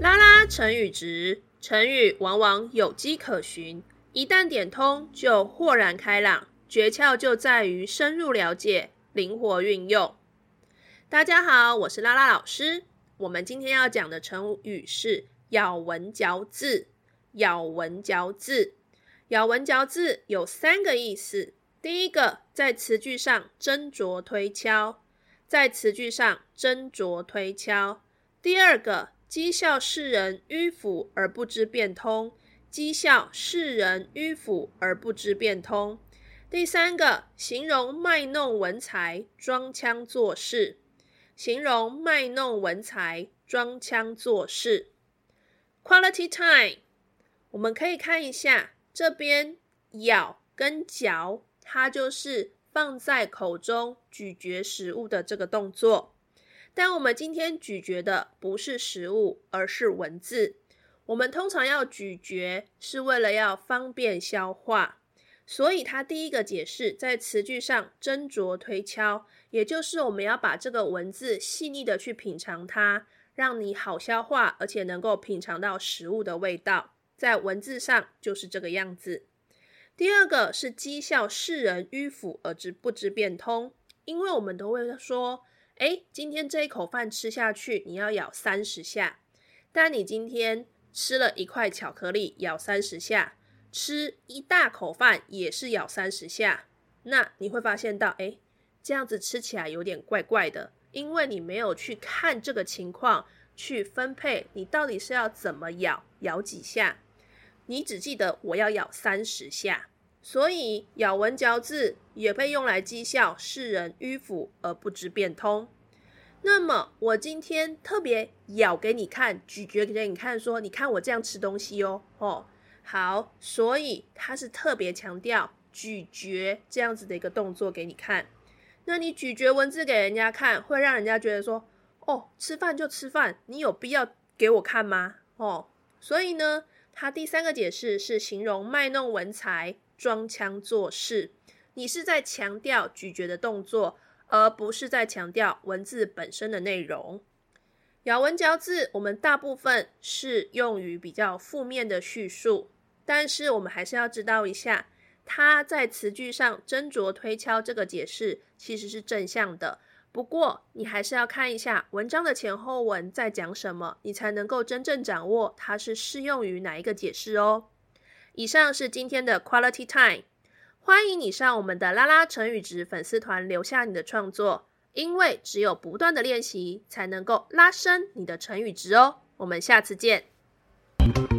拉拉成語質，成語往往有跡可循，一旦點通就豁然開朗。訣竅就在於深入了解，靈活運用。大家好，我是拉拉老師。我們今天要講的成語是咬文嚼字，咬文嚼字。咬文嚼字有三個意思：第一個，在詞句上斟酌推敲；在詞句上斟酌推敲。第二個，譏笑世人迂腐而不知變通；譏笑世人迂腐而不知變通。第三個，形容賣弄文才、裝腔作勢；形容賣弄文才、裝腔作勢。Quality time，我們可以看一下。這邊咬跟嚼，它就是放在口中咀嚼食物的這個動作。但我們今天咀嚼的不是食物，而是文字。我們通常要咀嚼，是為了要方便消化。所以，它第一個解釋在詞句上斟酌推敲，也就是我們要把這個文字細膩的去品嘗它，讓你好消化，而且能夠品嘗到食物的味道。在文字上就是這個樣子。第二個是譏笑世人迂腐而知不知變通，因為我們都會說：“誒，今天這一口飯吃下去，你要咬三十下。”但你今天吃了一塊巧克力，咬三十下；吃一大口飯也是咬三十下。那你會發現到，誒，這樣子吃起來有點怪怪的，因為你沒有去看這個情況去分配，你到底是要怎麼咬，咬幾下。你只記得我要咬三十下，所以咬文嚼字也被用來譏笑世人迂腐而不知變通。那麼我今天特別咬給你看，咀嚼給你看說，說你看我這樣吃東西哦，哦好，所以他是特別強調咀嚼這樣子的一個動作給你看。那你咀嚼文字給人家看，會讓人家覺得說哦，吃飯就吃飯，你有必要給我看嗎？哦，所以呢。它第三個解釋是形容賣弄文才，裝腔作勢。你是在強調咀嚼的動作，而不是在強調文字本身的內容。咬文嚼字，我們大部分是用於比較負面的敘述，但是我們還是要知道一下，他在詞句上斟酌推敲這個解釋其實是正向的。不過，你還是要看一下文章的前後文在講什麼，你才能夠真正掌握它是適用於哪一個解釋哦。以上是今天的 Quality Time，歡迎你上我們的拉拉成語質粉絲團留下你的創作，因為只有不斷的練習才能夠拉升你的成語質哦。我們下次見。嗯